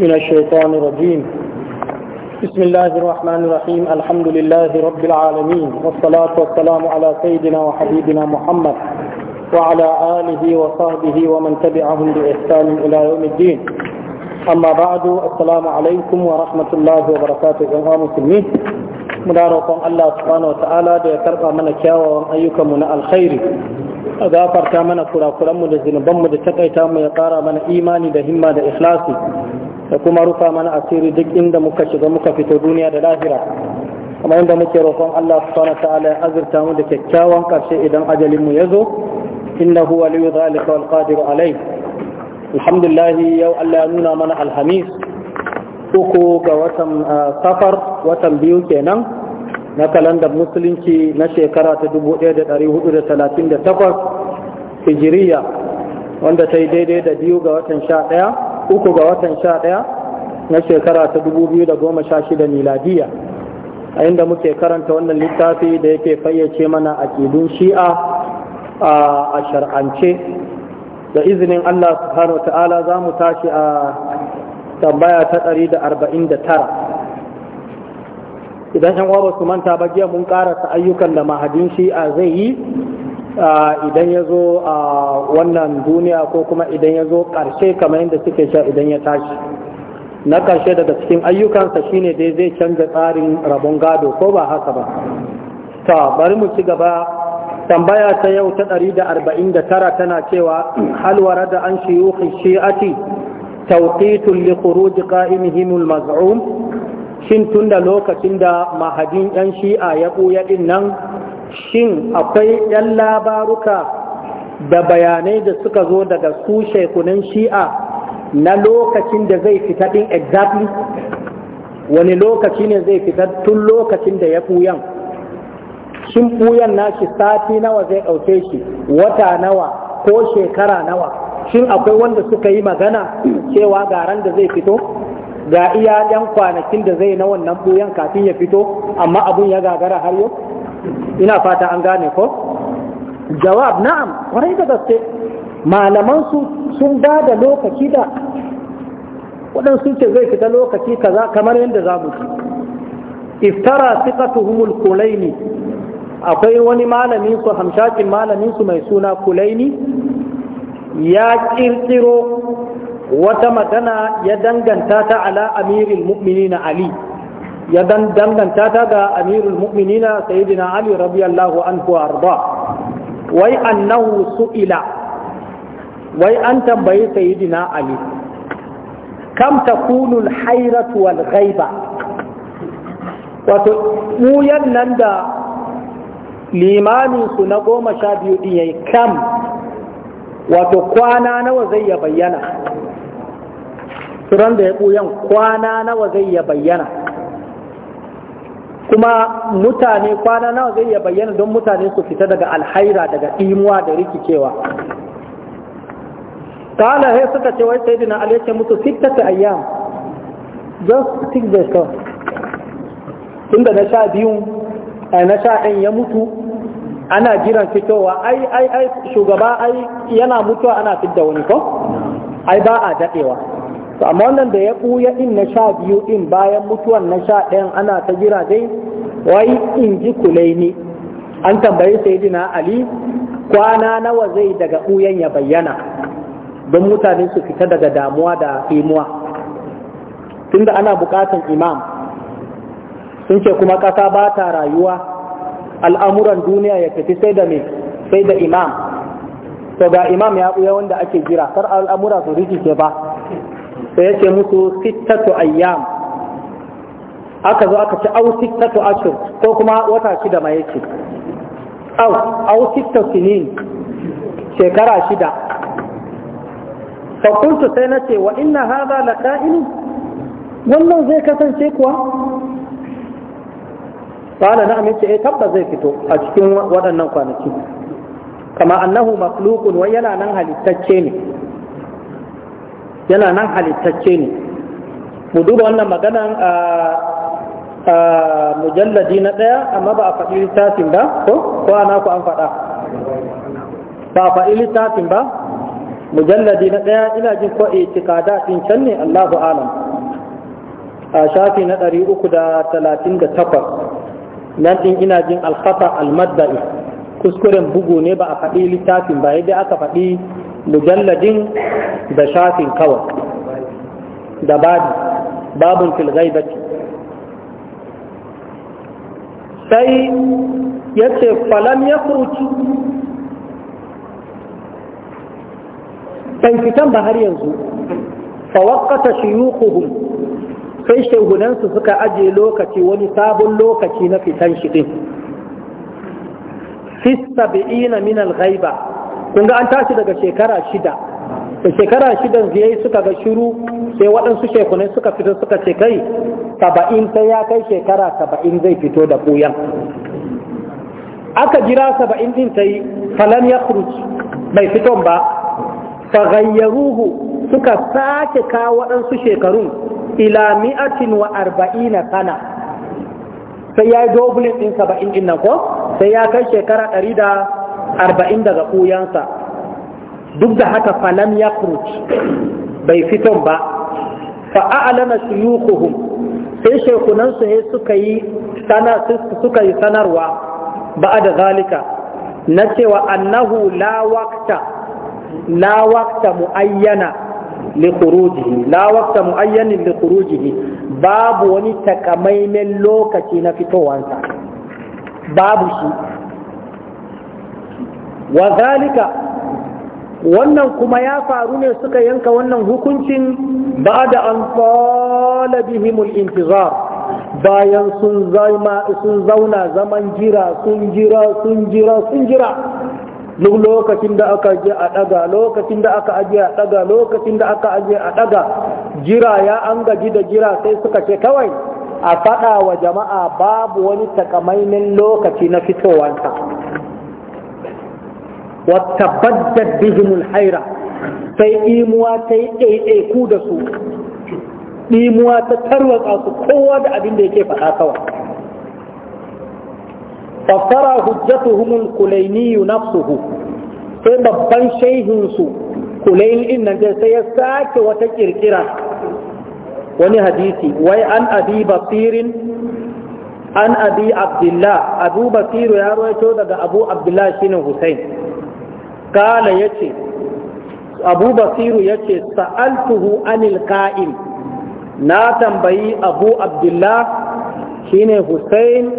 من الشيطان الرجيم بسم الله الرحمن الرحيم الحمد لله رب العالمين والصلاة والسلام على سيدنا وحبيبنا محمد وعلى آله وصحبه ومن تبعهم بإحسان إلى يوم الدين أما بعد السلام عليكم ورحمة الله وبركاته جميعا مسلمين muna roƙon Allah subhanahu wa ta'ala da ya karɓa mana kyawawan ayyukanmu na alkhairi a gafarta mana kurakuranmu da zunubanmu da takaita mu ya ƙara mana imani da himma da ikhlasi da kuma rufa mana asiri duk inda muka shiga muka fito duniya da lahira kuma inda muke roƙon Allah subhanahu ta'ala ya azurta mu da kyakkyawan karshe idan ajalin mu yazo innahu waliyyu zalika wal qadiru alai alhamdulillah yau Allah ya nuna mana alhamis uku ga watan safar watan biyu kenan na kalandar musulunci na shekara ta 1438 hijiriya wanda ta yi daidai da biyu ga watan sha ɗaya uku ga watan sha ɗaya na shekara ta dubu biyu da goma sha shida miladiya a inda muke karanta wannan littafi da yake fayyace mana a kidun shi'a a shar'ance da izinin Allah subhanahu ta'ala za mu tashi a tambaya ta ɗari da arba'in da tara. idan yan uwa su manta ba jiya mun karasa ayyukan da mahadin shi'a zai yi idan ya zo a wannan duniya ko kuma idan ya zo ƙarshe kamar yadda suke sha idan ya tashi na ƙarshe daga cikin ayyukansa shine dai zai canza tsarin rabon gado ko ba haka ba ta bari mu ci gaba tambaya ta yau ta ɗari da da tara tana cewa halwara da an shiyuhi shi'ati tawqitun li khuruj qa'imihim al-maz'um shin tunda lokacin da mahadin yan shi'a ya ɓuya din nan shin akwai ‘yan labaruka da bayanai da suka zo daga su shekunan shi'a na lokacin da zai fita ɗin exactly wani lokaci ne zai fita tun lokacin da ya ɓuyan shin ɓuyan nashi sati nawa zai ɗauke shi wata nawa ko shekara nawa shin akwai wanda suka yi magana cewa garan da zai fito ga iya ɗan kwanakin da zai na wannan ɓuyan kafin ya fito amma abun ya gagara har yau ina fata an gane ko jawab na'am kwarai da gaske malaman su sun ba da lokaci da waɗansu ce zai fita lokaci kaza kamar yadda za mu ji iftara siqatuhumul kulaini akwai wani malamin su hamshakin malamin su mai suna kulaini ya kirkiro wata magana ya danganta ta ala amiril na ali ya danganta ta ga amirul mu'minina sayyidina ali radiyallahu anhu arda wai annahu su'ila wai an tambayi sayyidina ali kam takunu al wal ghaiba wato uyan nan da limamin su na goma sha biyu din yayi kam wato kwana nawa zai ya bayyana turan da ya buyan kwana nawa zai ya bayyana kuma mutane kwana nawa zai iya bayyana don mutane su fita daga alhaira daga imuwa da rikicewa kala ya suka ce wai sai dina alaike mutu sittata ayyam just six days kawai tunda na sha biyu eh, na sha ɗan ya mutu ana jiran fitowa ai ai ai shugaba ai yana mutuwa ana fidda wani ko ai ba a daɗewa to amma wannan da ya buya in na sha biyu din bayan mutuwan na sha ɗayan ana ta jira dai wai in ji kulaini an tambayi sayyidina ali kwana nawa zai daga ɓuyan ya bayyana don mutane su fita daga damuwa da imuwa tunda ana buƙatan imam sun ce kuma ƙasa ba ta rayuwa al'amuran duniya ya fiti sai da me sai da imam to ga imam ya buya wanda ake jira kar al'amura su rikice ba sai ya ce musu sittatu ayyam aka zo aka ce au sittatu ashur ko kuma wata shida ma yake au au sittatu sinin shekara shida fakultu sai na ce wa inna hadha la qa'ilu wannan zai kasance kuwa qala na amince eh tabba zai fito a cikin waɗannan kwanaki kama annahu makhluqun wa yana nan halittacce ne yana nan halittacce ne mu duba wannan maganan a mujalladi na ɗaya amma ba a faɗi littafin ba ko ko ana ku an faɗa ba a faɗi littafin ba mujalladi na ɗaya ina jin ko itikada ɗin can ne Allahu alam a shafi na ɗari uku da talatin da takwas nan ɗin ina jin alkafa almadda'i kuskuren bugu ne ba a faɗi littafin ba yadda aka faɗi mujalladin da shafin kawai da babi babin filgaibati sai ya ce falam ya furuci ɗan fitan ba har yanzu fawakata shiyukuhum sai shugunansu suka ajiye lokaci wani sabon lokaci na fitan shi ɗin fi sabi'ina min ghaiba kun ga an tashi daga shekara shida da shekara shida ziyai suka ga shiru sai waɗansu shekunai suka fito suka ce kai saba'in sai ya kai shekara saba'in zai fito da ɓuyan aka jira saba'in din ta yi falam ya bai fiton ba fagayyaruhu suka sake kawo waɗansu shekarun ila mi'atin wa arba'ina sana sai ya yi doblin ɗin saba'in ɗin nan ko sai ya kai shekara ɗari da arba'in daga koyansa, duk da haka falam ya bai fiton ba fa'a'alana shuyukuhum sai shekunansu ne suka yi sanarwa ba da zalika na cewa annahu lawakta muayyana muayyanin likuruji babu wani takamaimen lokaci na fitowansa babu shi wa zalika wannan kuma ya faru ne suka yanka wannan hukuncin ba da an tsala bihimul intizar bayan sun zauna zaman jira sun jira sun jira sun jira duk lokacin da aka je a daga lokacin da aka aje a daga lokacin da aka aje a daga jira ya an gaji da jira sai suka ce kawai a faɗa wa jama'a babu wani takamaimin lokaci na fitowanka wata baddad bihimul haira sai imuwa ta yi ɗaiɗaiku da su imuwa ta tarwatsa su kowa da abin da yake faɗa kawai fassara hujjatuhumul kulainiyu nafsuhu sai babban shaihinsu kulain din nan sai ya sake wata kirkira wani hadisi wai an abi basirin an abi abdullah abu basiru ya rawaito daga abu abdullah shine husain kala ya ce abu basiru ya ce sa'altuhu anil ka'im na tambayi abu abdullah shine hussein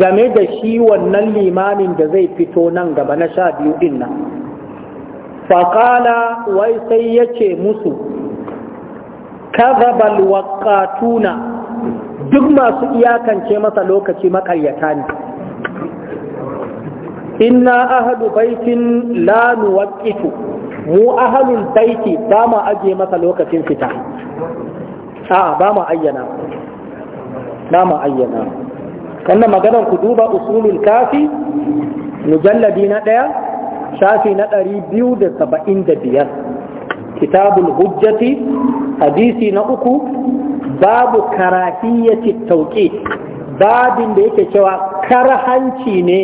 game da shi wannan limamin da zai fito nan gaba na sha biyu din faƙala wai sai ya ce musu kazabal waƙatuna duk masu iyakance masa lokaci maƙaryata ne inna ahadu baitin la nuwaqqitu mu ahalul baiti ba ma aje masa lokacin fita a'a ba ma ayyana ba ma ayyana wannan maganar ku duba usulul kafi mujalladi na ɗaya shafi na ɗari biyu da saba'in da biyar kitabul hujjati hadisi na uku babu karahiyyati tauƙi babin da yake cewa hanci ne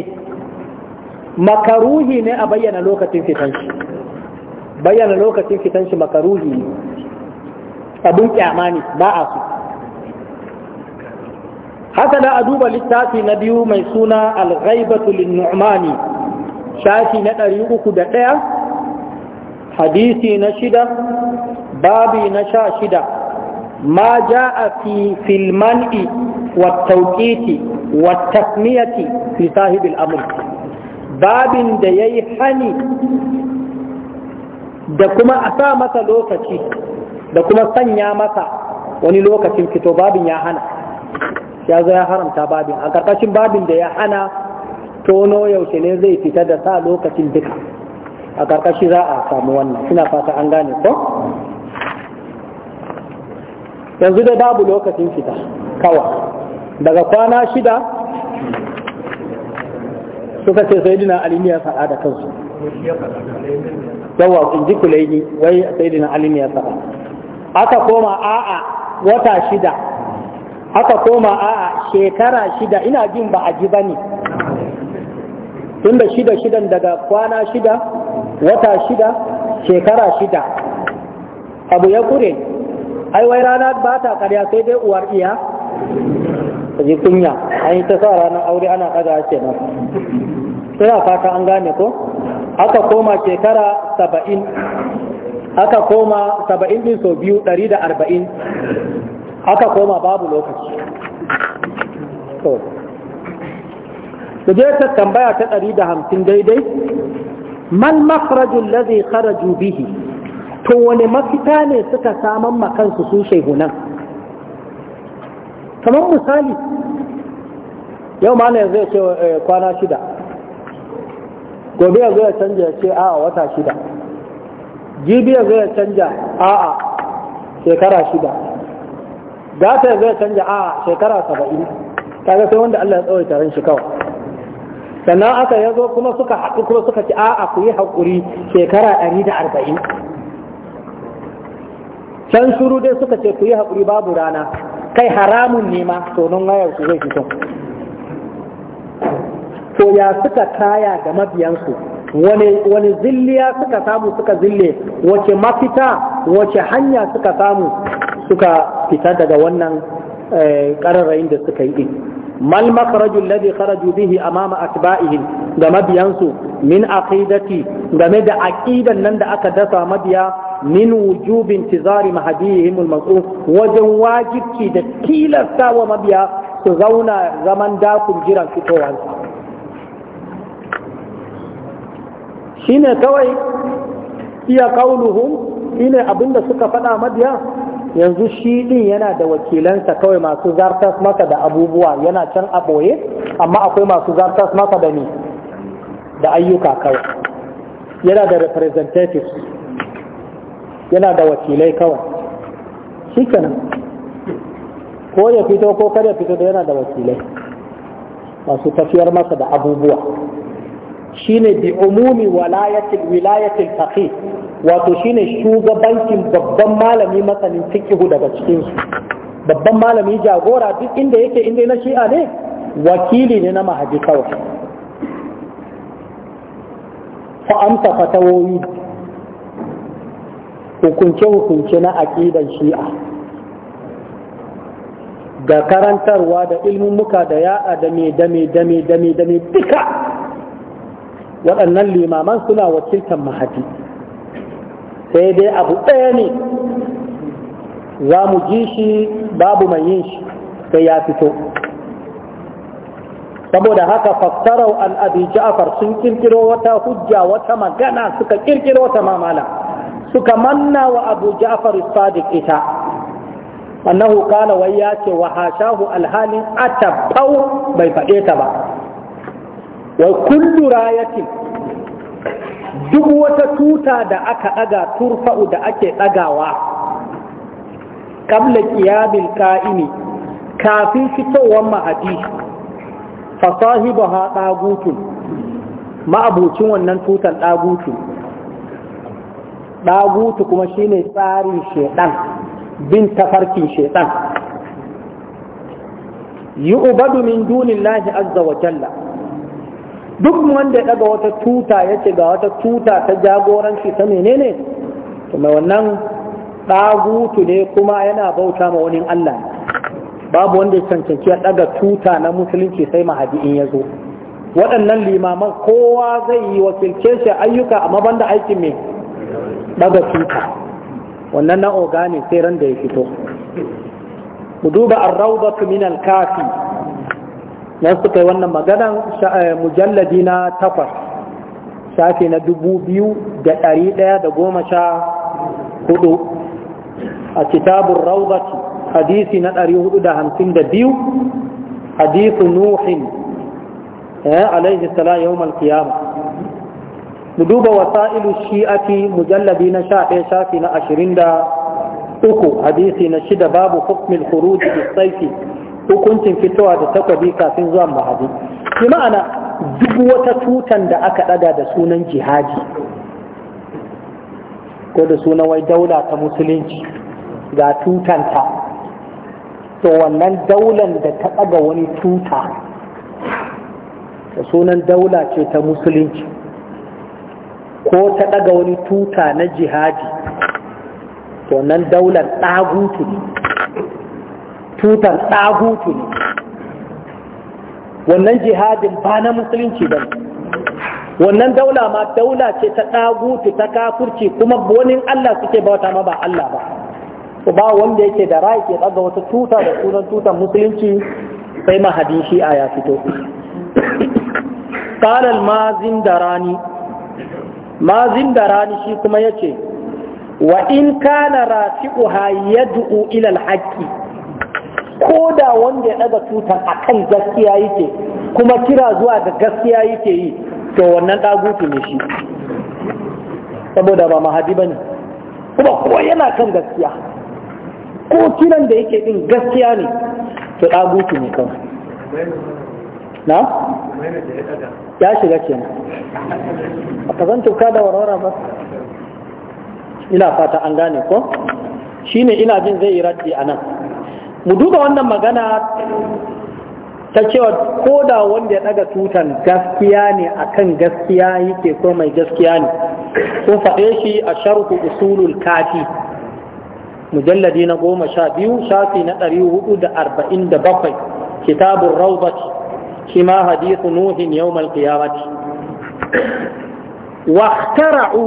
makaruhi ne a bayyana lokacin fitanshi, bayyana lokacin fitanshi makaruhi ne abin kyama ne ba a su haka da a duba littafi na biyu mai suna al-ghaibatu lin-nu'mani shafi na ɗari uku da ɗaya hadisi na shida babi na sha shida ma ja'a fi filman'i wa tauƙiti wa tasmiyati fi sahibil amur babin da ya yi hani da kuma a sa masa lokaci da kuma sanya masa wani lokacin fito babin ya hana ya zo ya haramta babin a ƙarƙashin babin da ya hana tono yaushe ne zai fita da sa lokacin duka a ƙarƙashi za a samu wannan suna fata an gane ko yanzu da babu lokacin fita kawa daga kwana shida suka ce sai dina alimiya ya faɗa da kansu yawa in ji kulaini wai sai dina alimiya ya faɗa aka koma a'a wata shida aka koma a'a shekara shida ina jin ba a ji ba ne tunda shida shidan daga kwana shida wata shida shekara shida abu ya kure ai wai rana ba ta karya sai dai uwar iya ka ji kunya an yi ta sa ranar aure ana ɗaga kenan ina fata an gane ko aka koma shekara saba'in aka koma saba'in din so biyu ɗari da arba'in aka koma babu lokaci to su je ta tambaya ta ɗari da hamsin daidai man makarajun lazi kharaju bihi to wani mafita ne suka saman makansu su shehunan kamar misali yau ma ne zai ce eh, kwana shida gobe ya ya canja ya ce a'a wata shida jibi yanzu ya canja a'a shekara shida gata ya ya canja a'a shekara saba'in kaga sai wanda Allah ya tsawaita ran shi kawai sannan aka ya zo kuma suka haɗu kuma suka ci a'a ku yi haƙuri shekara ɗari da arba'in can shuru dai suka ce ku yi haƙuri babu rana kai haramun nema ma to nan wayar su zai fito to ya suka kaya ga mabiyansu wani zilliya suka samu suka zille wace mafita wace hanya suka samu suka fita daga wannan kararrayin eh, da suka yi din mal makharajul ladhi kharaju bihi amama atba'ihim da mabiyansu min aqidati game da aqidan nan da aka dasa mabiya min wujubin intizar mahdihim al-manqur wajen wajibi da tilasta wa mabiya su zauna zaman dakun jiran fitowar shine kawai iya kauluhum shine abinda suka faɗa mabiya yanzu shi din yana da wakilansa kawai masu zartas masa da abubuwa yana can a ɓoye amma akwai masu zartas masa da ni da ayyuka kawai yana da representatives yana da wakilai kawai shi kenan ko ya fito ko kar ya fito da yana da wakilai masu tafiyar masa da abubuwa shine bi umumi walayatil wilayatil faqih wato shine shugabancin babban malami masanin fiqh daga cikin su babban malami jagora duk inda yake inda na shi'a ne wakili ne na mahaji kawai fa amsa fatawoyi hukunce-hukunce na aƙidan shi'a da karantarwa da ilmummuka da ya'a da me da me da me da me da me duka waɗannan limaman suna wakiltar mahadi sai dai abu ɗaya ne za mu ji shi babu mai yin shi sai ya fito saboda haka fassarau al abi ja'far sun kirkiro wata hujja wata magana suka kirkiro wata mamala suka manna wa abu ja'far sadiq ita annahu kana wai ya ce wa hashahu alhalin atabau bai faɗe ta ba wa kullu rayatin duk wata tuta da aka daga turfa'u da ake dagawa. kabla qiyamil qa'imi kafin fitowar mahadi fa sahibaha dagutun ma'abucin wannan tutan dagutun ɗagutu kuma shi ne tsarin shaiɗan bin tafarkin Yi ubadu min lahi azza wa jalla duk wanda ya ɗaga wata tuta yace ga wata tuta ta jagoranci ta menene to wannan ɗagutu ne kuma yana bauta ma wani Allah babu wanda ya cancanci ya ɗaga tuta na musulunci sai mahadi in ya zo waɗannan limaman kowa zai yi wakilce shi ayyuka amma banda aikin mai ɗaga tuta wannan na organic sai ran da ya fito ku duba ar-rawdatu min al-kafi nan suka yi wannan maganan eh, mujalladi na takwas shafi na dubu biyu da ɗari ɗaya da goma sha hudu a kitabun rawdatu hadisi na ɗari hudu da hamsin da biyu hadisu nuhin eh, alaihi salam yau qiyamah mu duba wasa'ilu shi'ati mujalladi na sha ɗaya shafi na ashirin da uku hadisi na shida babu hukmin khuruji bisaifi hukuncin fitowa da takwabi kafin zuwa mahadi bi ma'ana duk wata tutan da aka ɗaga da sunan jihadi ko da sunan wai daula ta musulunci ga tutanta to wannan daular da ta ɗaga wani tuta da sunan daula ce ta musulunci ko ta ɗaga wani tuta na jihadi to nan daular ɗagutu ne tutar ɗagutu ne wannan jihadin ba na musulunci ba wannan daula ma daula ce ta ɗagutu ta kafurci kuma wani Allah suke bauta ma ba Allah ba Ko ba wanda yake da rai ke ɗaga wata tuta da sunan tutar musulunci sai mahadin shi'a ya fito قال المازن دراني ma rani shi kuma yace wa in kana ƙuha ya du’u ilal haƙƙi? ko da wanda ya tutar a kan gaskiya yake kuma kira zuwa ga gaskiya yake yi to wannan ɗagutu ne shi saboda ba mahadi ne. kuma kuwa yana kan gaskiya ko kiran da yake ɗin gaskiya ne to ɗagutu ne kawai na ya shiga kenan a zan tuka da warwara ba ina fata an gane ko shine ina jin zai yi raddi a nan mu duba wannan magana ta cewa ko da wanda ya daga tutan gaskiya ne akan gaskiya yake ko mai gaskiya ne sun faɗe shi a sharhu usulul kafi mujalladi na goma sha biyu shafi na ɗari hudu da arba'in da bakwai kitabun raubati shi ma hadithu nuhin yawmal wace, wa ikhtara'u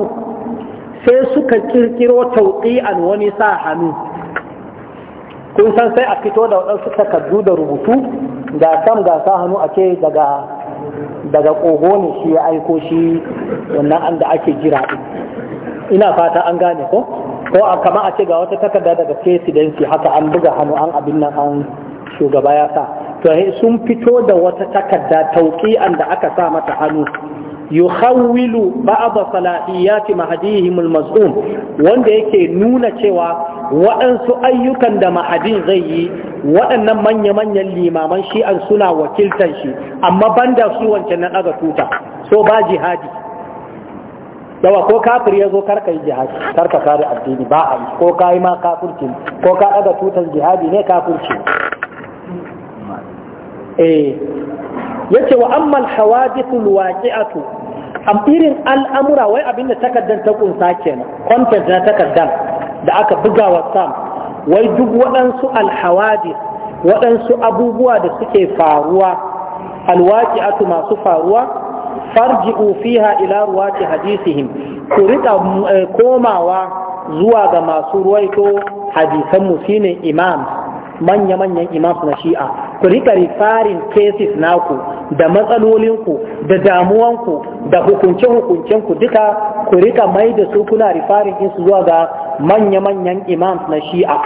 sai suka kirkiro an wani sa hannu kun san sai a fito da waɗansu takardu da rubutu ga sam ga sa hannu a ke daga kogo ne shi ya aiko shi wannan an da ake jira ina fata an gane ko ko a kama a ce ga wata takarda daga presidency haka an buga hannu an abin nan an shugaba ya sa sun fito da wata takarda tauki'an da aka sa mata hannu yukhawwilu ba'd salahiyati mahdihim al-mas'um wanda yake nuna cewa waɗansu ayyukan da mahadi zai yi waɗannan manya-manyan limaman shi'an suna wakiltar shi amma banda su wancan na daga tuta so ba jihadi yawa ko kafir ya zo karka yi jihadi karka kare addini ba a yi ko ka yi ma kafirci ko ka daga tutan jihadi ne kafirci eh yace wa ammal hawadithul a am irin al'amura wai abin da takaddan ta kunsa kenan kontent na takaddan da aka buga wa sam wai duk waɗansu alhawadith waɗansu abubuwa da suke faruwa alwaqi'atu masu faruwa farji'u fiha ila ruwati hadisihim ku rika eh, komawa zuwa ga masu ruwaito hadisan mu shine imam manya-manyan imams na shi'a ku rika rifarin cases naku da matsalolinku da damuwanku da hukunce-hukuncenku duka ku rika mai da su kuna rifarin su zuwa ga manya-manyan imams na shi'a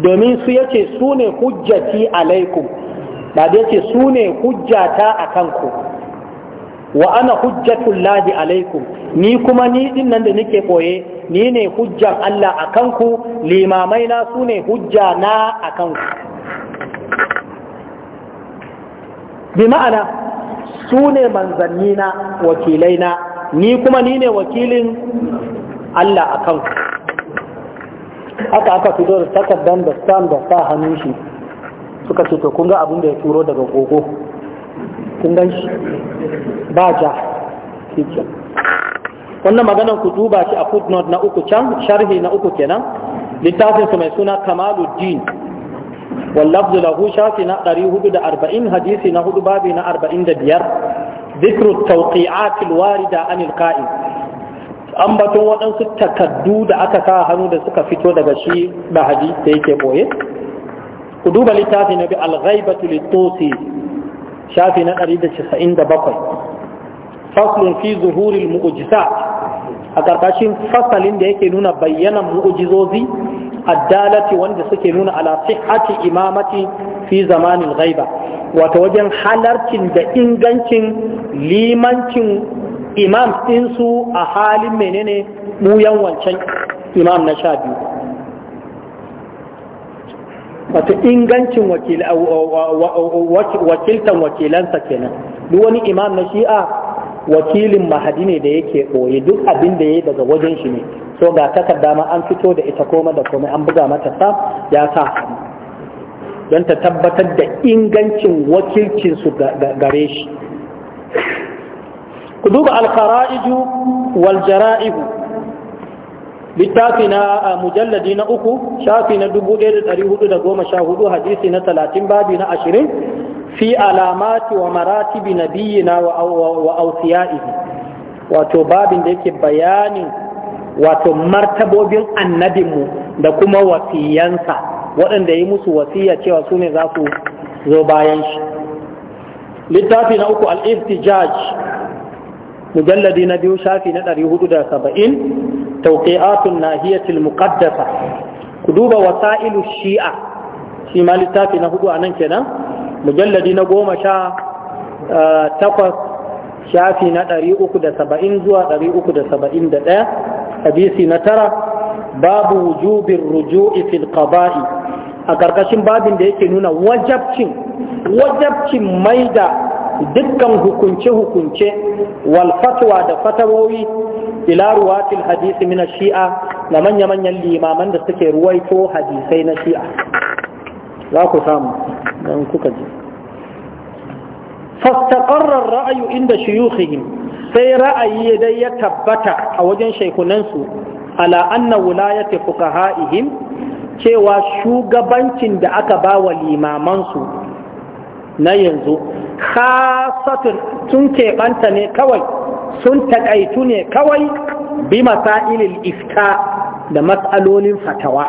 domin su yace su ne hujjati alaikum ba da yace su ne hujjata a kanku wa ana hujjatullahi alaikum ni kuma ni din nan da nake koye ni ne hujjan Allah a kanku limamai na su ne hujja na a kanku bi ma'ana su ne manzanni na wakilai na ni kuma ni ne wakilin Allah a kanku haka aka fito da takardar da stamp da sa hannun shi suka ce to kun ga abin da ya turo daga gogo kun gan shi ba ja kike wannan maganar ku duba shi a footnote na uku can sharhi na uku kenan littafin su mai suna kamaluddin wallafzu lahu shafi na 440 hadisi na hudu babi na 45 dhikru tawqi'at alwarida anil qa'im ambaton waɗansu takaddu da aka sa hannu da suka fito daga shi da hadisi da yake boye ku duba littafi na bi al-ghaibatu shafi na da 197 faslun fi zuhuril mu'jizat a karkashin fasalin da yake nuna bayyanan mu'jizozi addalati wanda suke nuna ala sihhati imamati fi zamanin ghaiba wata wajen halarcin da ingancin limancin imam ɗinsu a halin menene muyan wancan imam na sha biyu wato ingancin wakiltan wakilansa kenan duk wani imam na shi'a wakilin mahadi ne da yake ɓoye duk abin da ya yi daga wajen shi ne so ga takarda dama an fito da ita koma da komai an buga mata sa ya sa don ta tabbatar da ingancin wakilcinsu gare shi ku duba alkara'iju wal jara'ihu littafi na mujalladi na uku shafi na 1414 hadisi na 30 babi na 20 fi alamati wa maratibi na wa ausiyaihi wato babin da yake bayanin wato martabobin annabinmu da kuma wasiyansa waɗanda yi musu wasiya cewa su ne za su zo bayan shi littafi na uku al-ihtijaj mujalladi na biyu shafi na 470 tauqi'atun nahiyatil muqaddasa ku duba wasa'ilu shi'a shi ma littafi na hudu a nan kenan mujalladi na goma sha eh, takwas shafi na ɗari uku da saba'in zuwa ɗari uku da saba'in da ɗaya hadisi na tara babu wujubin ruju'i fil qaba'i a ƙarƙashin babin da yake nuna wajabcin wajabcin maida dukkan hukunce-hukunce Walfatwa da fatawoyi ila ruwatil hadisi min shi'a na manya-manyan limaman da suke ruwaito hadisai na shi'a za ku samu nan kuka ji fastaqarra ra'ayu inda shuyukhihim sai ra'ayi dai ya tabbata a wajen shaikunansu ala anna wulayati fuqaha'ihim cewa shugabancin da aka ba wa limamansu na yanzu khasatun sun keɓanta ne kawai sun taƙaitu ne kawai bi masailil ifta da matsalolin fatawa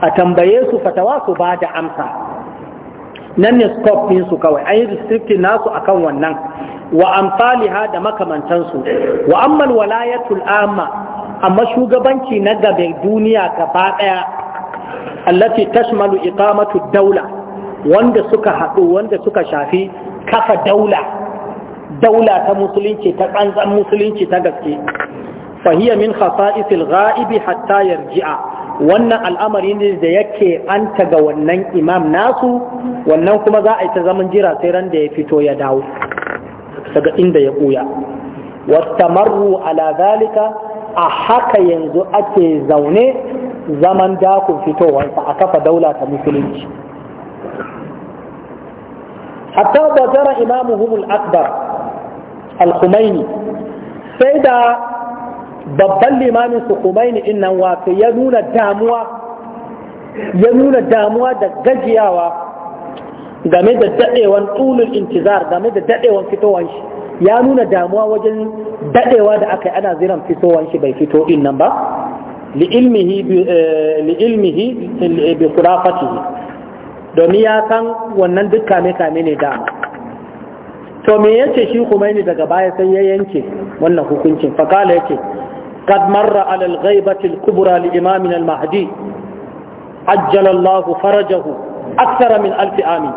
a tambaye su fatawa su ba da amsa nan ne scope ɗinsu kawai an yi restricting nasu kan wannan wa amsaliha da makamantansu wa ammal walayatul amma amma shugabanci na gabe duniya gaba ɗaya allati tashmalu iqamatu daula wanda suka haɗu wanda suka shafi kafa daula daula ta musulunci ta ƙanzan musulunci ta gaske fahiyya min khasa'isil ga'ibi hatta yarji'a wannan al'amari ne da yake anta ga wannan imam nasu wannan kuma za a yi ta zaman jira sai ran da ya fito ya dawo daga inda ya ɓuya wastamarru ala zalika a haka yanzu ake zaune zaman dakun fitowarsa a kafa daula ta musulunci hatta bazara imamuhum al-akbar al-khumaini sai da babban limamin su khumaini din nan wato ya nuna damuwa ya nuna damuwa da gajiyawa game da dadewan tulul intizar game da dadewan fitowan shi ya nuna damuwa wajen dadewa da aka yi ana ziran fitowan shi bai fito din nan ba li ilmihi li'ilmihi bi khurafatihi domin ya san wannan duk kame-kame ne dama to me yace shi kuma ni daga baya sai ya yanke wannan hukuncin fakala yake qad marra ala al-ghaibati al-kubra li imamina al-mahdi ajjala Allahu farajahu akthar min alf ami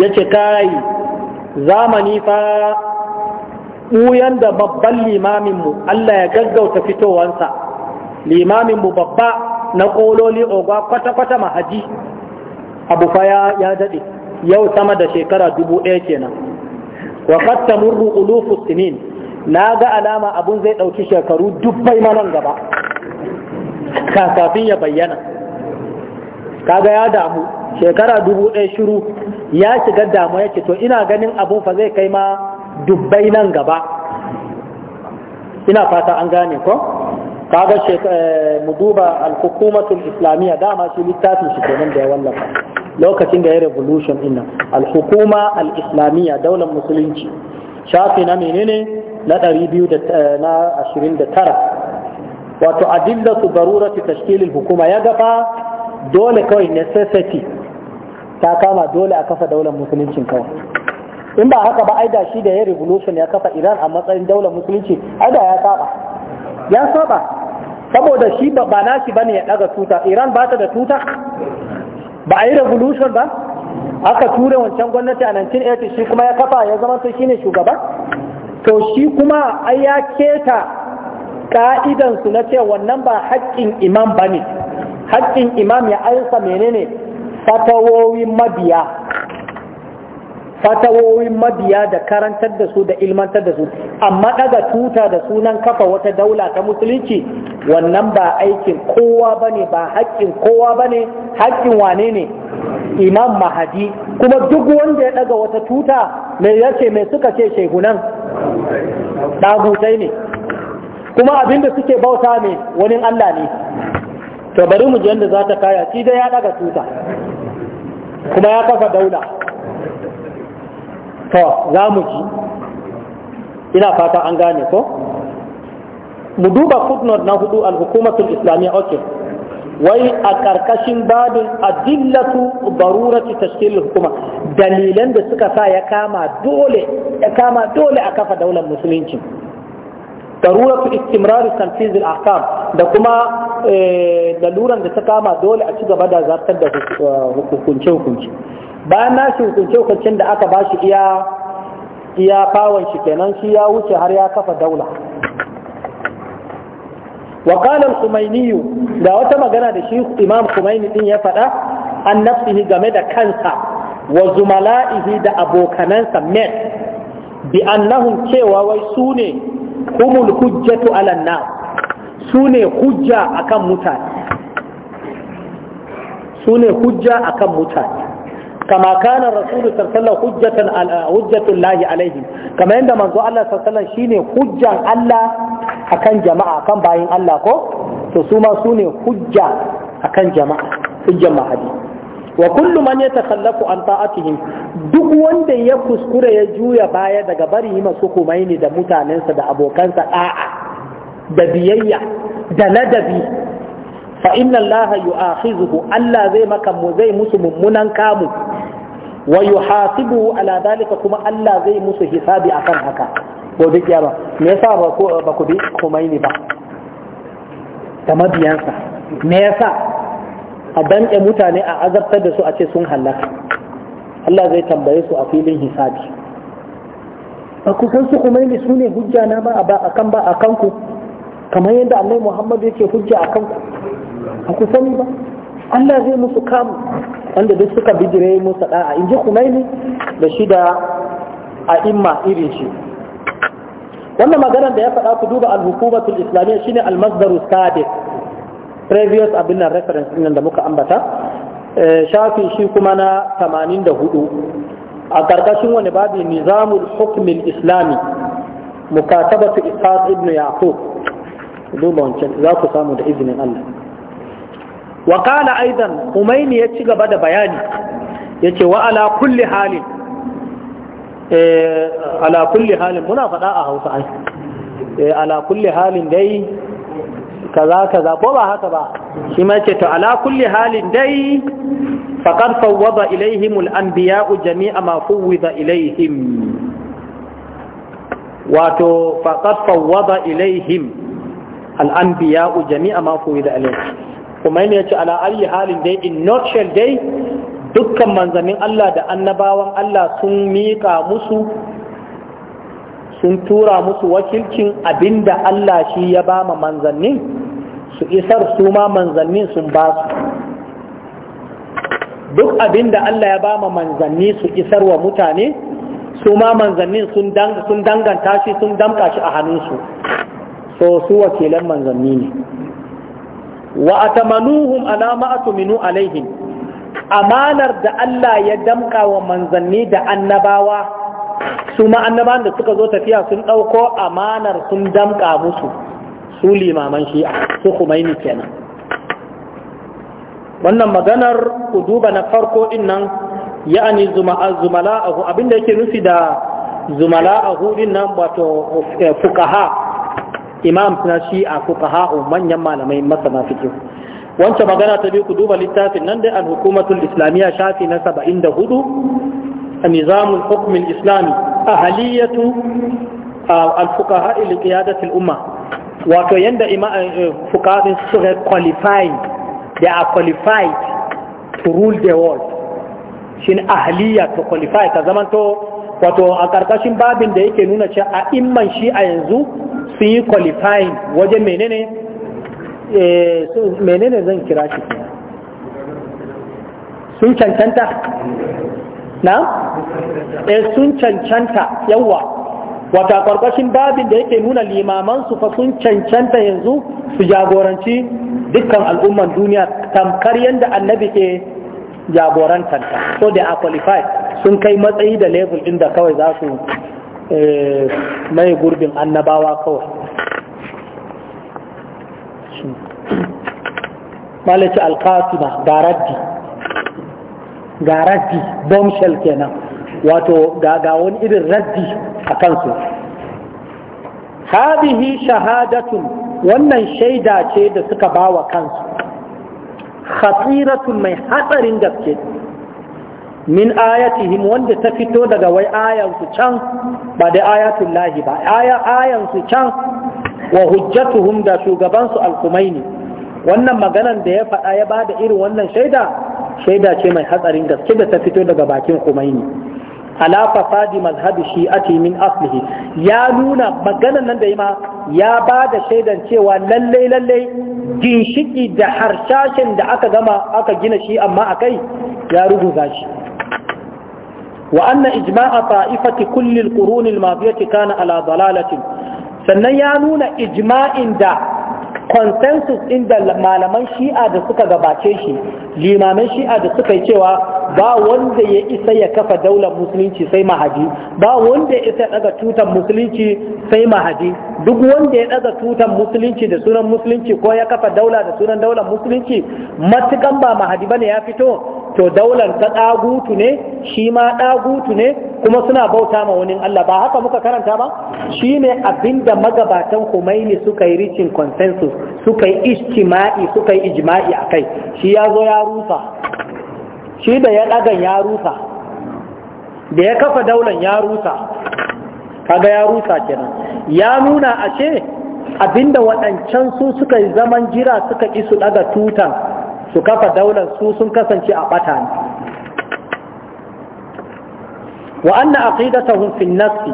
yace kai zamani fa uyan da babban limamin mu Allah ya gaggauta fitowansa limamin mu babba na kololi oga kwata-kwata mahaji abu fa ya daɗe yau sama da shekara dubu ɗaya kenan wa qad tamurru ulufu sinin na ga alama abun zai ɗauki shekaru dubbai manan gaba kafin ya bayyana kaga ya damu shekara dubu ɗaya shiru ya shiga damu yake to ina ganin abun fa zai kai ma dubbai nan gaba ina fata an gane ko kaga eh, mu duba al-hukumatul islamiyya dama shi littafin shi kenan da ya wallafa lokacin da ya revolution din al-hukuma al-islamiyya daular musulunci shafi na menene na 229 eh, wato adillatu darurati tashkil tashkilin hukuma ya gaba dole kawai necessity ta kama dole a kafa daular musulunci kawai in ba haka ba aida shi da ya revolution ya kafa Iran a matsayin daular musulunci aida ya saba ya saba saboda shi ba na shi bane ya daga tuta iran ba ta da tuta ba a yi revolution ba aka tura wancan gwamnati a 1980 shi kuma ya kafa ya zama to shine shugaba to shi kuma ai ya keta ka'idansu na ce wannan ba haƙƙin imam bane haƙƙin imam ya aisa menene fatawoyin mabiya fatawoyin mabiya da karantar da su da ilmantar da su amma daga tuta da sunan kafa wata daula ta musulunci wannan ba aikin kowa bane ba haƙƙin kowa bane haƙƙin wane ne imam mahadi kuma duk wanda ya daga wata tuta mai yace mai suka ce shehunan dagutai ne kuma abin da suke bauta ne wani Allah ne to bari mu ji yadda za ta kaya shi dai ya daga tuta kuma ya kafa daula to za mu ji ina fata an gane ko mu duba footnote na hudu al-hukumatul islamiyya okay wai a ƙarƙashin babin adillatu barurati tashkil hukuma dalilan da suka sa ya kama dole ya kama dole a kafa daular musulunci daruratu istimrari tanfizil ahkam da kuma eh, laluran da ta kama dole a ci gaba da zartar da eh, hukunce hukunce bayan na shi hukunce hukuncen da aka bashi iya iya bawon shi kenan shi ya wuce har ya kafa daula Wakalar qala al da wata magana da shi imam Kumaini din ya faɗa an nafsihi game da kansa wa zumala'ihi da abokanansa met bi cewa wai su ne humul hujjatu ala nas su ne hujja akan mutane su ne hujja akan mutane kama kana rasulu sallallahu hujjatan hujjatul lahi alaihim kama yanda manzo Allah sallallahu shine hujjan Allah akan jama'a akan bayin Allah ko to su ma su ne hujja akan jama'a hujjan mahadi wa kullu man yatakhallafu an ta'atihim duk wanda ya kuskura ya juya baya daga bari yi masu kumaini da mutanensa da abokansa da'a da biyayya da ladabi fa inna allaha yu'akhizuhu Allah zai maka mu zai musu mummunan kamu wa yuhasibu ala dalika kuma Allah zai musu hisabi akan haka gobe kiyama me yasa ba ku bi kumaini ba da mabiyansa me yasa a danƙe mutane a azabtar da su a ce sun halaka Allah zai tambaye su a filin hisabi ba ku san su kumaini su ne hujja na ba a kan ba a kanku kamar yadda Allah Muhammad yake hujja a kanku ba ku sani ba Allah zai musu kamu wanda duk suka bijire musu da'a in ji kumaini da shi da a imma irin shi wannan maganar da ya faɗa ku duba al-hukumatul islamiyya shine al-masdaru sadiq previous abin nan reference din da muka ambata eh, shafi shi kuma na 84 a karkashin wani babi nizamul hukmin islami mukatabatu ishaq ibn yaqub duba wancan za ku samu da izinin Allah wa qala aidan umayni ya ci gaba da bayani yace wa ala kulli halin eh, ala kulli halin muna faɗa a Hausa ai eh, ala kulli halin dai kaza kaza ko ba haka ba shi ma ce to ala kulli halin dai faqad fawwada ilaihim al-anbiya'u jami'a ma fawwida ilaihim wato faqad fawwada ilaihim al-anbiya'u jami'a ma fawwida ilaihim kuma ne ce ala ayi halin dai in not shall dai dukkan manzannin Allah da annabawan Allah sun miƙa musu sun tura musu wakilcin abinda Allah shi ya ba ma manzannin su isar su ma manzannin sun ba su duk abinda Allah ya ba ma manzanni su isar wa mutane su ma manzannin sun danganta shi sun damka shi a hannunsu so su wakilan manzanni ne wa atamanuhum ala ma atuminu alaihim amanar da Allah ya damka wa manzanni da annabawa su ma da suka zo tafiya sun ɗauko amanar sun damƙa musu su limaman shi'a su Kumaini kenan wannan maganar ku duba na farko din nan ya'ani zumala'ahu abinda yake nufi da zumala'ahu din nan wato eh, fukaha imam na shi'a fuqaha manyan malamai masana fiqh wancan magana ta biyu ku duba littafin nan dai al-hukumatul islamiyya shafi na hudu. نظام الحكم الإسلامي أهلية الفقهاء لقيادة الأمة wato yadda fukaɗin suka qualified they are qualified to rule the world shi ne ahaliya to qualify ka zamanto wato a ƙarƙashin babin da yake nuna cewa a imman shi a yanzu sun yi qualifying wajen menene menene zan kira shi sun cancanta na e sun cancanta yawa wata karkashin babin da yake nuna limaman su fa sun cancanta yanzu su jagoranci dukkan al'umman duniya tamkar yadda annabi ke jagorantanta so they are qualified sun kai matsayi da level inda kawai za su eh, mai gurbin annabawa kawai malaci alkasima da raddi ga raddi bombshell kenan wato ga wani irin raddi a kansu hadihi shahadatun wannan shaida ce da suka ba wa kansu khatiratun mai hatsarin gaske min ayatihim wanda ta fito daga wai ayansu can ba da ayatun lahi ba ayansu can wa hujjatuhum da shugabansu alkumaini wannan maganan da ya faɗa ya ba da irin wannan shaida shaida ce mai hatsarin gaske da ta fito daga bakin Khomeini ala fasadi mazhabi shi'ati min aslihi ya nuna maganan nan da yi ma ya ba da shaidan cewa lallai lallai ginshiki da harshashin da aka gama aka gina shi amma akai ya ruguza shi wa anna ijma'a ta'ifati kulli al-qurun al-madiyati kana ala dalalatin sannan ya nuna ijma'in da consensus ɗin da malaman shi'a da suka gabace shi limaman shi'a da suka yi cewa ba wanda ya isa ya kafa daular musulunci sai mahadi ba wanda ya isa daga tutan musulunci sai mahadi duk wanda ya daga tutan musulunci da sunan musulunci ko ya kafa daula da sunan daular musulunci matukan ba mahadi bane ya fito to daular ta ɗagutu ne shi ma ɗagutu ne kuma suna bauta ma wani Allah ba haka muka karanta ba shi ne abinda magabatan Khomeini suka yi ricin consensus suka yi ijtima'i suka yi ijma'i akai? shi ya zo ya rusa shi da ya ɗagan ya rusa da ya kafa daular ya rusa kaga ya rusa kenan ya nuna ashe abinda waɗancan su suka yi zaman jira suka isu ɗaga tutan su kafa daular su sun kasance a ɓata ne wa anna aqidatahum fi nafsi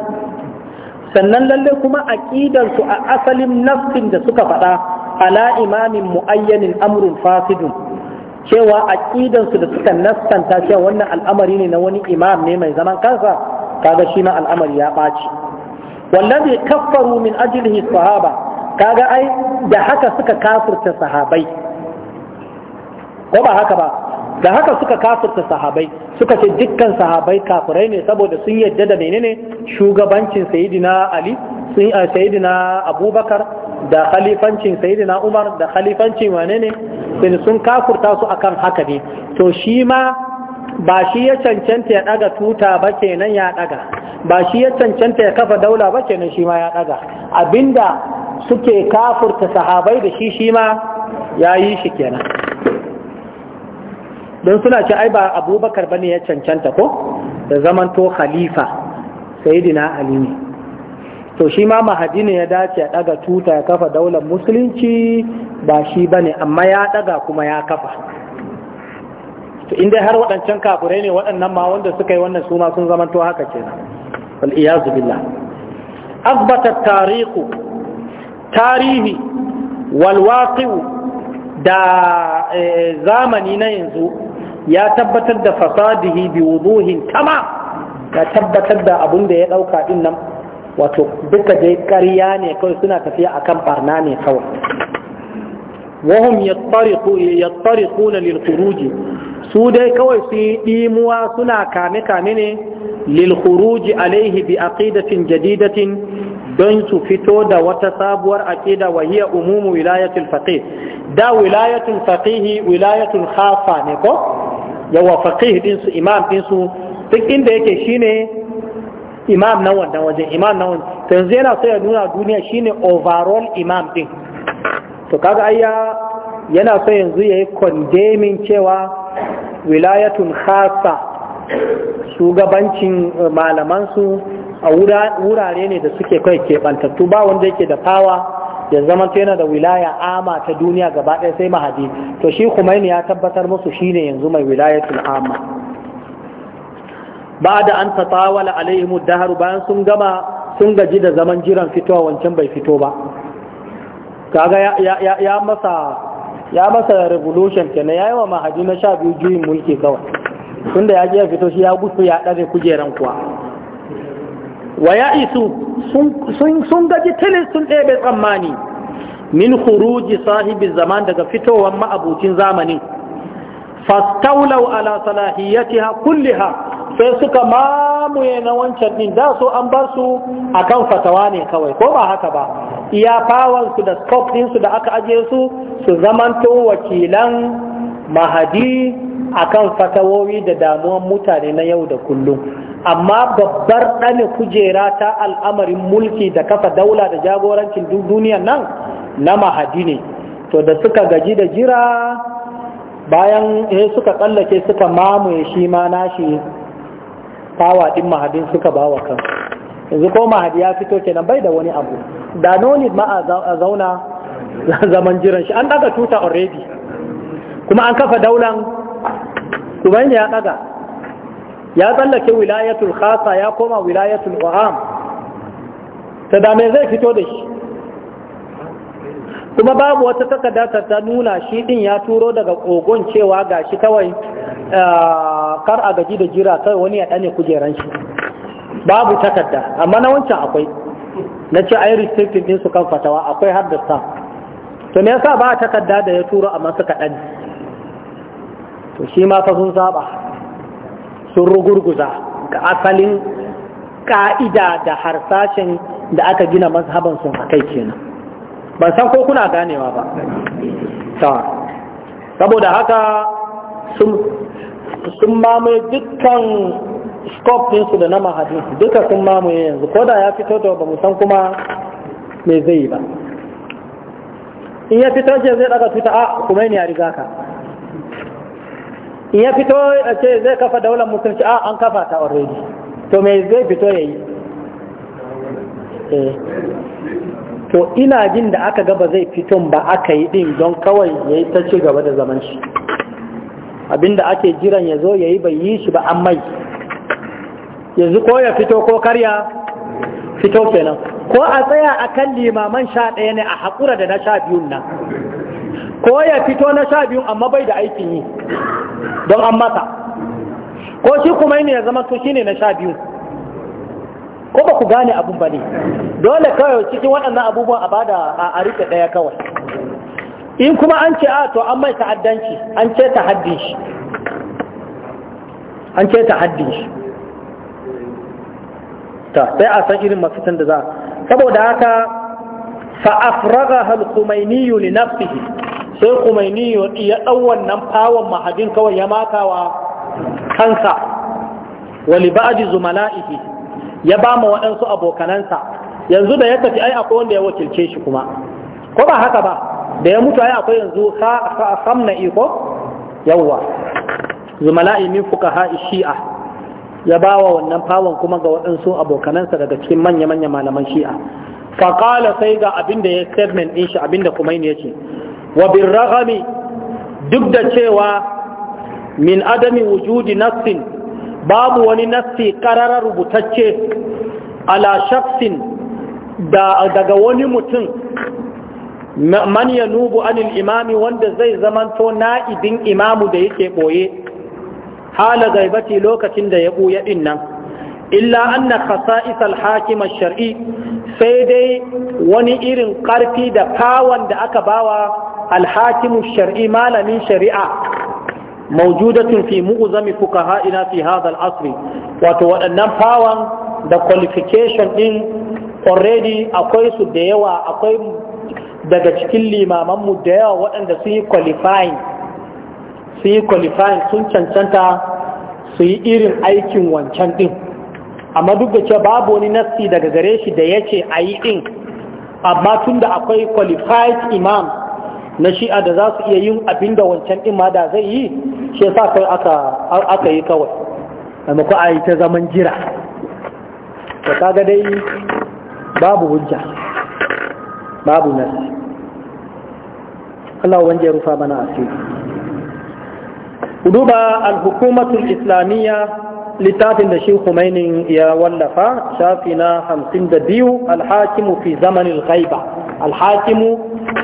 sannan lalle kuma aƙidarsu a asalin nafsin da suka faɗa ala imamin muayyanin amrun fasidun cewa aqidansu da suka nastanta cewa wannan al'amari ne na wani imam ne mai zaman kansa kaga shi ma al'amari ya ɓaci wallazi kaffaru min ajlihi sahaba kaga ai da haka suka kafirta sahabai ko ba haka ba da haka suka kafirta sahabai suka ce dukkan sahabai kafirai ne saboda sun yadda da menene shugabancin sayidina ali sun eh, sayidina abubakar da khalifancin sayidina umar da khalifancin wane ne sun kafurta su akan haka ne to shi ma ba shi ya cancanta ya daga tuta ba kenan ya daga ba shi ya cancanta ya kafa daula ba kenan shi ma ya daga abinda suke kafurta sahabai da shi shi ma ya yi shi kenan don suna ce ai ba abubakar bane ya cancanta ko da zamanto khalifa sayidina ali ne to shi ma mahadi ne ya dace a daga tuta ya kafa daular musulunci ba shi bane amma ya daga kuma ya kafa to inda har waɗancan kafurai ne waɗannan ma wanda suka yi wannan suma sun zamanto haka ce wal iyazu billah azbata tarihu tarihi wal da eh, zamani na yanzu ya tabbatar da fasadihi bi wuduhin kama ya tabbatar da abunda da ya dauka din nan wato duka dai ƙarya ne kawai suna tafiya akan barna ne kawai wahum yattariquna lil khuruj su dai kawai su yi dimuwa suna kame kame ne lil khuruj alaihi bi aqidatin jadidatin don su fito da wata sabuwar aƙida wa hiya umumu wilayatul faqih da wilayatul faqih wilayatul khafa ne ko yawa faqih din su imam din su duk inda yake shine imam na wannan wajen imam na wannan yanzu yana so ya nuna duniya shine overall imam din to kaga ayya yana so yanzu yayi condemning cewa wilayatul khafa shugabancin malaman su a wurare ne da suke kai keɓantattu ba wanda yake da fawa ya zama yana da wilaya ama ta duniya gaba ɗaya sai mahadi to shi Khomeini ya tabbatar musu shine yanzu mai wilayatul ama ba da an tatawala alaihimu haru, bayan sun gama sun gaji da zaman jiran fitowa wancan bai fito ba kaga ya masa ya masa revolution kenan yayi wa mahadi na sha biyu juyin mulki kawai tunda ya je ya fito shi ya gusu ya ɗare kujeran kuwa wa ya isu sun gaji tilis sun ɗebe tsammani min huruji sahibi zaman daga fitowar ma'abucin zamanin fastaulau ala salahiyatiha ha! sai suka mamuye na wancan ɗin da so an bar su akan fatawa ne kawai ko ba haka ba iya da scope ɗinsu da aka ajiye su su zamanto wakilan mahadi akan fatawowi da damuwan mutane na yau da kullum amma babbar ɗane kujera ta al'amarin mulki da kafa daula da jagorancin duk duniya nan na mahadi ne to da suka gaji da jira bayan ya eh, suka tsallake suka mamaye shi ma nashi tawa ɗin mahadin suka bawa kan yanzu ko mahadi ya fito kenan bai da wani abu da noni ma a zauna zaman jiran shi an ɗaga tuta already kuma an kafa daulan uban ya daga ya tsallake wilayatul khasa ya koma wilayatul wa'am ta da me zai fito da shi kuma babu wata takarda ta nuna shi din ya turo daga kogon cewa ga shi kawai kar a gaji da jira kawai wani ya ɗane kujeran shi babu takarda amma na wancan akwai na ce ai restricted din su kan fatawa akwai har da sa to me yasa ba takarda da ya turo amma suka ɗane to shi ma fa sun saba sun rugurguza ga asalin ka'ida da harsashen da aka gina mazhaban sun kai kenan ban san ko kuna ganewa ba saboda haka sun mamaye dukkan scope da na mahadin duka sun mamaye yanzu ko da ya fito da ba san kuma me zai yi ba in ya fito je zai daga tuta a kuma ya riga ka ya fito a ce zai kafa daular musulunci a ah, an kafa ta already to me zai fito ya yi eh. to ina jin da aka gaba zai fito ba aka yi din don kawai ya yi ta ci gaba da zaman shi abinda ake jiran ya zo ya yi bai yi shi ba an mai yanzu ko ya fito ko karya fito kenan ko a tsaya a kan limaman sha ɗaya ne a haƙura da na sha biyun nan ko ya fito na sha biyu amma bai da aikin yi don an mata ko shi kuma ne ya zama to shine na sha biyu ko ba ku gane abun ba ne dole kawai cikin waɗannan abubuwan a bada a arika ɗaya kawai in kuma an ce a to an mai ta'addanci an ce ta haddin shi an ce ta haddin shi ta sai a san irin mafitan da za saboda haka fa afraga hal khumaini li nafsihi sai kuma ni ya ɗau wannan fawon mahajin kawai ya maka wa kansa wali zumana zumala'ihi ya ba ma waɗansu abokanansa yanzu da ya tafi ai akwai wanda ya wakilce shi kuma ko ba haka ba da ya mutu ai akwai yanzu samna iko yawwa imin fuka fuqaha shi'a ya ba wa wannan fawon kuma ga waɗansu abokanansa daga cikin manya-manya malaman shi'a faƙala sai ga abin da ya statement ɗin shi abin da kuma ya ce wa birragami duk da cewa min adami wujudi nassin babu wani nassi ƙararar rubutacce ala shafsin daga wani mutum man ya nubu anil imami wanda zai zamanto na'ibin imamu da yake ɓoye hala gaibati lokacin da ya ɓuya ɗin nan illa anna khasa'isal hakim shar'i sai dai wani irin ƙarfi da kawon da aka bawa alhakimu shar'i malamin shari'a maujudatun fi mu'zami fuqaha'ina fi hadha al-asr wato waɗannan fawan da qualification din already akwai su da yawa akwai daga cikin limaman mu da yawa waɗanda su yi qualifying sun cancanta su yi irin aikin wancan ɗin. amma duk da cewa babu wani nassi daga gare shi da yace ayi din amma tunda akwai qualified imam na shi'a da za su iya yin abin da wancan ɗin ma da zai yi shi sa kai aka yi kawai maimako a yi ta zaman jira da kaga dai babu hujja babu nasi Allah wanda ya rufa mana asiri duba al-hukumatul islamiyya littafin da shi Khomeini ya wallafa shafi na 52 al-hakimu fi zamanin ghaiba alhakimu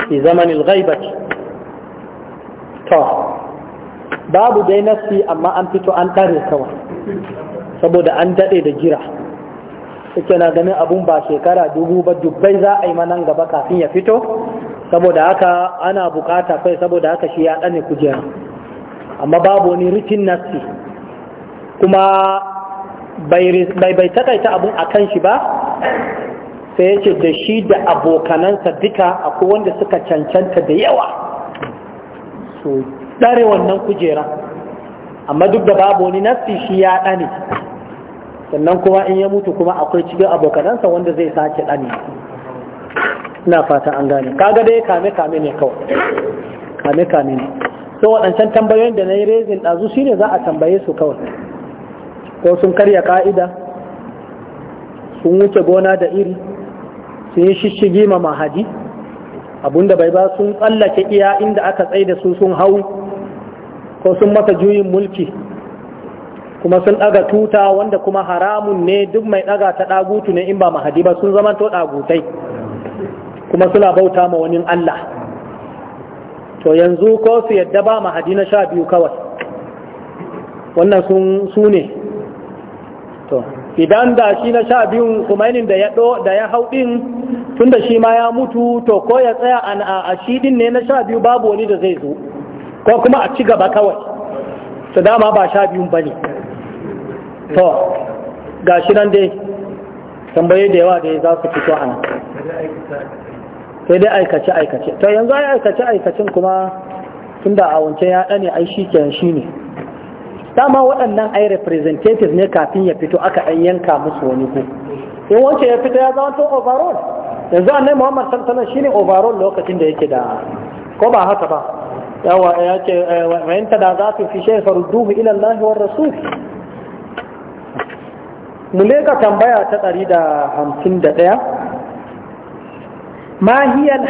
fi zamanin ghaibati to babu dai nasi amma an fito an ɗare kawai saboda an daɗe da jira suke ganin abun ba shekara dubu ba dubbai za a yi manan gaba kafin ya fito saboda haka ana bukata kai saboda haka shi ya ɗane kujera amma babu wani rikin nasi kuma bai takaita abun a kan shi ba sai ya ce da shi da abokanansa duka akwai wanda suka cancanta da yawa su dare wannan kujera amma duk da babu wani nassi shi ya ɗane sannan kuma in ya mutu kuma akwai cikin abokanansa wanda zai sace ɗane ina fata an gane kaga dai kame kame ne kawai kame kame ne so waɗancan tambayoyin da na yi rezin ɗazu shi ne za a tambaye su kawai ko sun karya ka'ida sun wuce gona da iri Sun yi shishigi ma mahadi abunda bai ba sun tsallake iya inda aka tsaye da su sun hau ko sun masa juyin mulki kuma sun ɗaga tuta wanda kuma haramun ne duk mai ɗaga ta ɗagutu ne in ba mahadi ba sun zama to ɗagutai kuma suna bauta ma wani Allah to yanzu ko su yadda ba mahadi na sha biyu kawai wannan sun su to idan da shi na sha biyun kumainin da ya ɗo da ya hau ɗin tun da shi ma ya mutu to ko ya tsaya a shi ɗin ne na sha biyu babu wani da zai zo ko kuma a ci gaba kawai su dama ba sha biyun ba ne to ga shi nan dai tambaye da yawa da za su fito a nan sai dai aikace aikace to yanzu ai aikace aikacin kuma tun da a wancan ya ɗane ai shi kenan shi ne dama waɗannan ai representative ne kafin ya fito aka ɗan yanka musu wani ku. in wance ya fito ya zama to overall yanzu annai muhammad sallallahu shine overall lokacin da yake da ko ba haka ba yawa ya ce eh, wa in tadazatu fi shay'in duhu ila Allah wa rasul mu leka tambaya ta 151 ma hiya al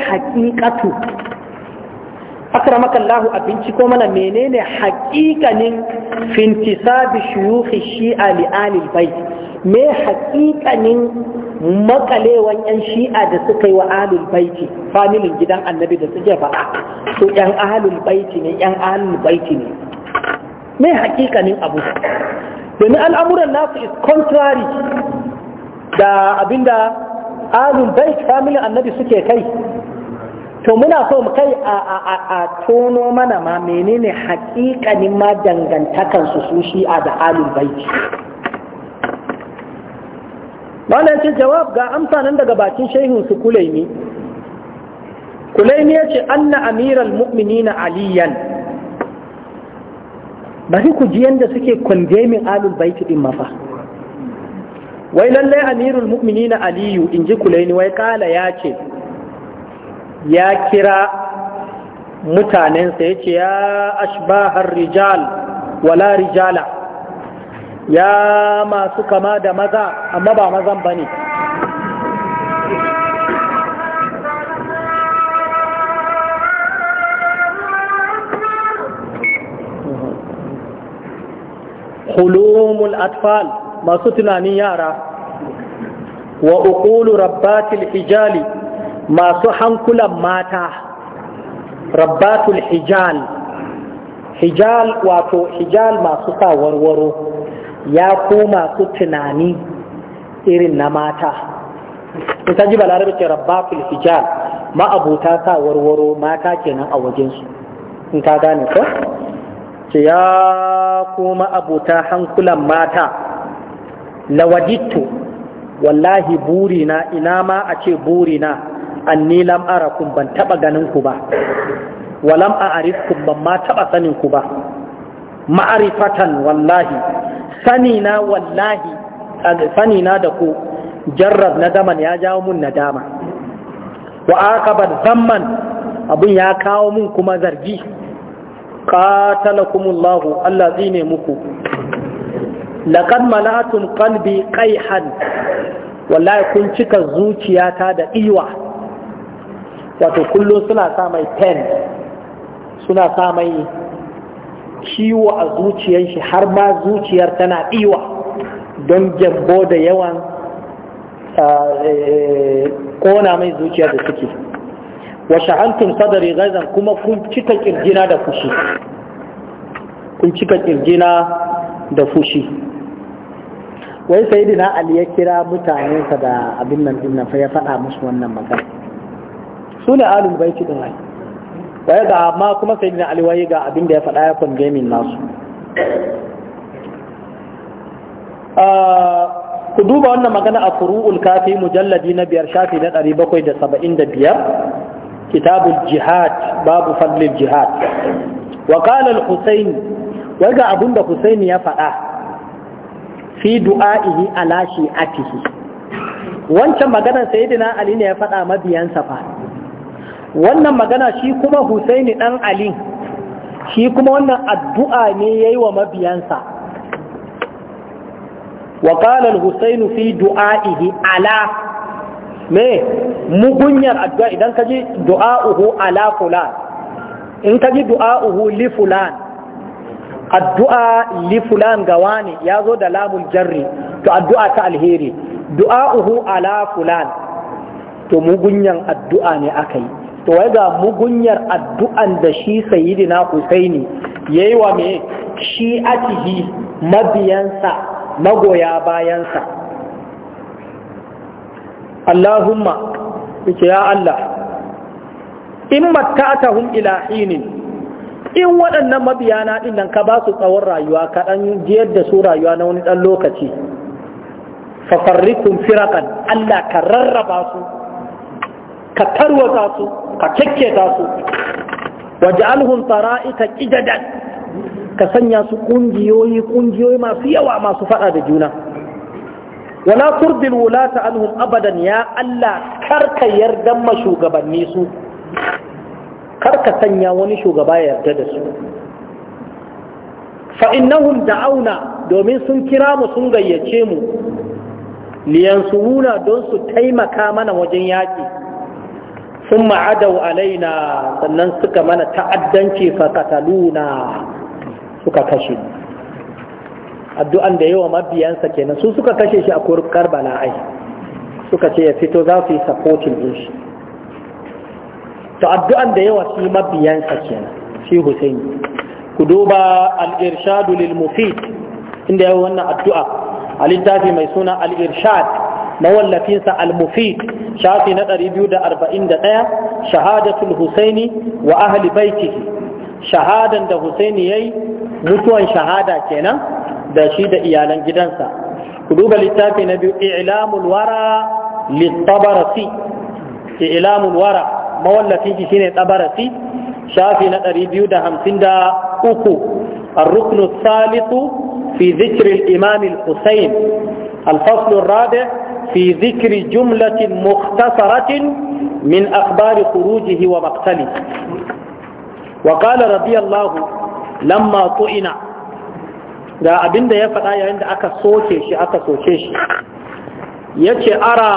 akramaka Allah a ko mana menene haƙiƙanin fintisabi shuyukhi shi'a li alil bait me haƙiƙanin makalewan yan shi'a da suka yi wa alul baiti familin gidan annabi da suke ba to yan alul baiti ne yan alul baiti ne me haƙiƙanin abu domin al'amuran nasu is contrary da abinda alul bait familin annabi suke kai to muna so mu kai a tono mana ma menene hakikanin ma dangantakansu su a da alin baiti wannan ce jawab ga amsa nan daga bakin shehun su kulaimi kulaimi ya ce anna amiral na aliyan bari ku ji yadda suke kwandemin alin baiti din mafa wai lallai amirul na aliyu in ji kulaimi wai kala ya ce ya kira mutanensa ya ce ya ashbahar rijal wala rijala ya masu kama da maza amma ba mazan ba ne hulumul atfal masu tunanin yara wa ukulu rabbatil ijali masu hankulan mata rabbatul hijal hijal wato hijal masu sa warwaro ya koma masu tunani irin na mata Ita ji balarabe ce rabbatul hijal ma'abuta sa warwaro mata kenan a wajensu in ka gane ko ce ya koma ma'abuta hankulan mata lawajittu wallahi burina ina ma a ce burina anni lam arakum ban taba ganin ku ba wa lam a'rifkum ban ma taba sanin ku ba Ma'arifatan, wallahi Sanina, na wallahi sani da ku jarrab nadaman ya jawo mun nadama wa aqabat zamman abun ya kawo mun kuma zargi qatalakumullahu Allah zine muku laqad mala'atum qalbi qayhan wallahi kun cika zuciyata da iwa wato kullum suna sa mai pen suna sa mai ciwo a zuciyar shi har ma zuciyar tana ɗiwa don gyambo da yawan e, kona mai zuciyar da suke wa sha'antun sadari gazan kuma kun cika kirjina da fushi kun cika kirjina da fushi wai sai ali ya kira mutanensa da abin nan dinna fa ya faɗa musu wannan magana su ne alin baiti din ai waye ga amma kuma sai ne alwaye ga abin da ya faɗa ya kwangemin nasu ah, ku duba wannan magana a furu'ul kafi mujalladi na biyar shafi na ɗari bakwai da saba'in da biyar kitabul jihad babu fadlil jihad wa qala al-husayn wai ga abin da husayn ya faɗa fi du'a'ihi ala shi'atihi wancan maganar sayyidina ali ne ya faɗa mabiyansa fa wannan magana shi kuma husaini dan ali shi kuma wannan addu'a ne yayi wa mabiyansa wa qala al-husainu fi du'a'ihi ala me mugunyar addu'a idan kaji du'a'uhu ala fulan in kaji du'a'uhu li fulan addu'a li fulan gawani yazo da lamul jarri to addu'a ta alheri du'a'uhu ala fulan to mugunyan addu'a ne akai to wai ga mugunyar addu'an da shi sayyidina Husaini yayi wa me shi atihi mabiyansa magoya bayansa Allahumma yace ya Allah in matta'atahum ila hinin in waɗannan mabiyana din nan ka ba su tsawon rayuwa ka dan jiyar da su rayuwa na wani ɗan lokaci fa farrikum Allah ka rarraba su ka tarwata su ka ta su waje waj'alhum tara'ika qidadan ka sanya su ƙungiyoyi ƙungiyoyi masu yawa masu faɗa da juna wala turdil wulata anhum abadan ya Allah karka yarda ma shugabanni su karka sanya wani shugaba ya yarda da su fa innahum auna domin sun kira mu sun gayyace mu wuna don su taimaka mana wajen yaƙi sun ma'adau alaina sannan suka mana ta'addanci fakataluna suka kashe addu'an da yawa mabiyansa kenan su suka kashe shi a karbala ai suka ce ya fito za su yi supporting din shi to addu'an da yawa shi mabiyansa kenan shi Hussein ku duba al-irshad lil mufid inda yawa wannan addu'a a littafi mai suna al-irshad mawallafinsa al-mufid shafi na 241 shahadatul husaini wa ahli baitihi shahadan da husaini yayi mutuwan shahada kenan da shi da iyalan gidansa ku duba littafi na biyu i'lamul wara lit-tabarasi i'lamul wara mawallafin shi shine tabarasi shafi na 253 الركن الثالث في ذكر الإمام Husain, الفصل الرابع fi zikiri jumlatin مختصرة من أخبار خروجه ومقتله وقال رضي الله لما طئن da abin da ya faɗa yayin da aka soke shi aka soke shi ya ara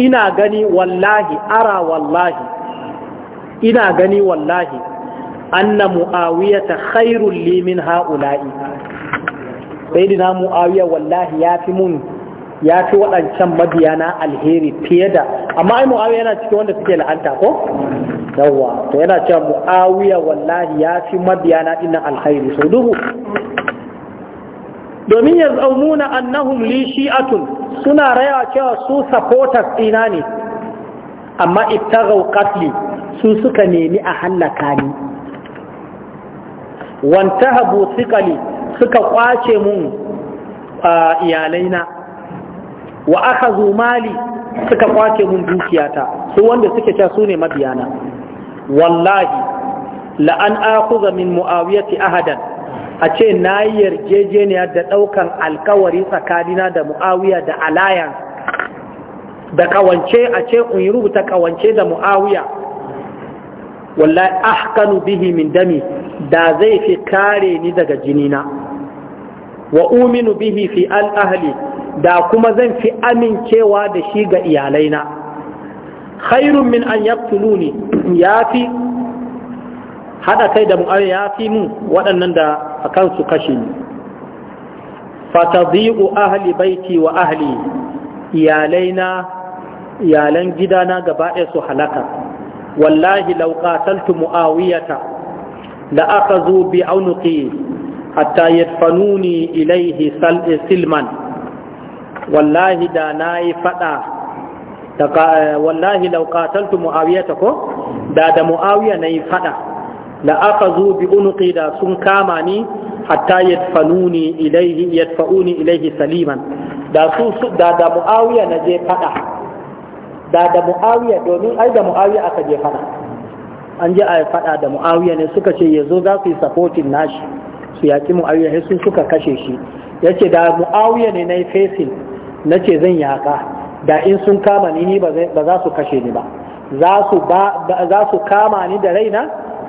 ina gani wallahi ara wallahi ina gani wallahi anna mu'awiyata khairul li min ha'ula'i sai dina mu'awiya wallahi ya fi mun ya fi waɗancan mabiya na alheri fiye da amma ai mu'awiya yana cikin wanda suke la'anta ko yawwa to yana cewa mu'awiya wallahi ya fi mabiya na ina alheri sau duhu domin ya zaununa annahum li shi'atun suna raya cewa su supporters ɗina ne amma ibtaghaw qatli su suka nemi a hallaka ni wantahabu thiqali suka kwace mun ah, iyalaina wa akhadhu mali suka kwace mun dukiyata su wanda suke cewa su ne mabiyana wallahi la'an akuza min muawiyati ahadan a ce na yi yarjejeniya da ɗaukan alkawari tsakanina da mu'awiya da alayan da kawance a ce in rubuta kawance da mu'awiya wallahi ahkanu bihi min dami da zai fi kare ni daga jinina wa uminu bihi fi al ahli da kuma zan fi amincewa da shi ga iyalaina khairun min an yaqtuluni fi. hada kai da ya fi mu waɗannan da akan su kashe ni fatadhiqu ahli baiti wa ahli iyalaina iyalan gidana gaba ɗaya su halaka wallahi law qataltu muawiyata la aqazu bi aunqi hatta yadfanuni ilayhi silman wallahi da na yi faɗa wallahi laukataltu mu'awiya ta ko da da mu'awiya na yi faɗa da aka zo bi unuki da sun kama ni hatta yadfa'uni ilaihi ilaihi saliman da su da da mu'awiya na je faɗa da da mu'awiya domin ai da mu'awiya aka je faɗa an je a yi faɗa da mu'awiya ne suka ce ya zo za su yi supporting nashi su yaƙi mu'awiya sai sun suka kashe shi ya ce da mu'awiya ne na yi fesin na ce zan yaƙa da in sun kama ni ni ba za su kashe ni ba za su kama ni da raina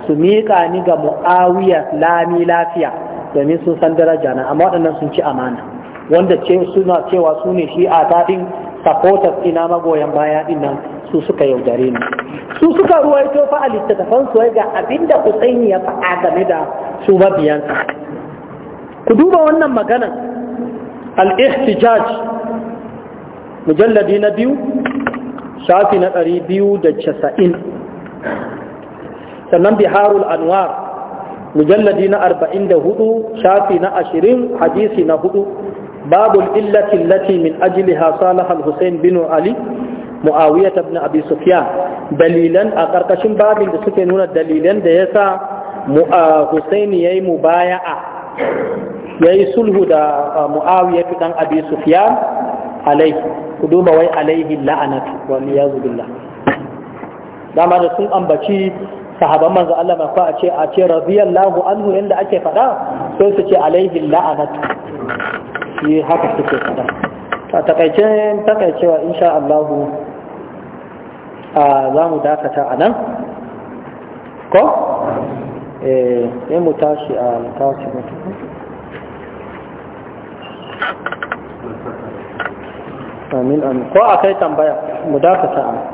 su miƙa ni ga mu'awiya lami lafiya domin sun san daraja na amma waɗannan sun ci amana wanda suna cewa su ne shi a taɗin supporters ina magoyan baya ɗin nan su suka yaudare ni su suka ruwaito fa a littattafan su ga abin da ya fa'a game da su mabiyansa ku duba wannan maganan al-ihtijaj mujalladi na biyu shafi na ɗari biyu da casa'in sannan biharul anwar mujalladi na arba'in da hudu shafi na ashirin hadisi na hudu babul illatin lati min ajliha salahal hussein bin ali mu'awiyat ibn abi sufyan dalilan a ƙarƙashin babin da suke nuna dalilan da yasa husaini yayi mubaya'a yayi sulhu da uh, mu'awiyat dan abi sufyan alai ku duba wai alaihi la'anat wa liyazu billah dama da sun ambaci sahaban manzo Allah ba fa a ce a ce radiyallahu anhu yanda ake faɗa sai su ce alaihi la'anat shi haka suke faɗa ta takaice takaicewa insha Allah a za mu dakata a nan ko eh mu tashi a tashi mutum amin amin ko akai tambaya mu dakata